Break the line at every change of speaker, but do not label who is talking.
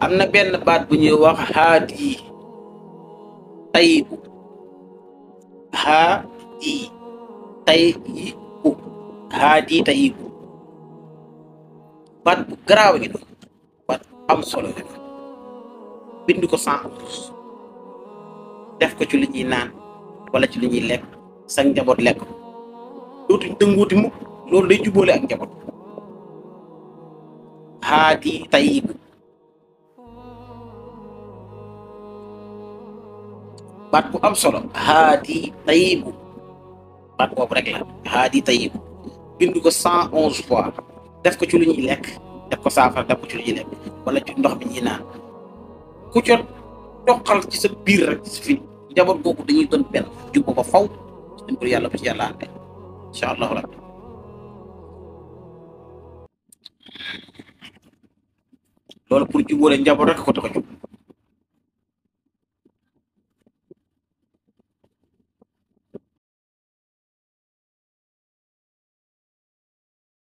am na benn baat bu ñuy wax haad yi tayibu haad yi tayibu haad yi tayibu baat bu garaaw gi doon baat am solo la bind ko sens def ko ci lu ñuy naan wala ci lu ñuy lekk sa njaboot lekk dootuñ dënguuti mukk loolu day jubóole ak njaboot haad yi tayibu baat am solo hadi tayibu baat boobu rek la hadi tayibu bindu ko 111 fois def ko ci lu lek def ko safar def ko ci lu lek wala ci ndox bi ñuy naan ku ci tokal ci sa bir rek ci fi jabar gogu dañuy doon benn jubbo ba faw dimbal yàlla ba ci yalla ande inshallah rabbi loolu pour wolé njaboot rek ko tax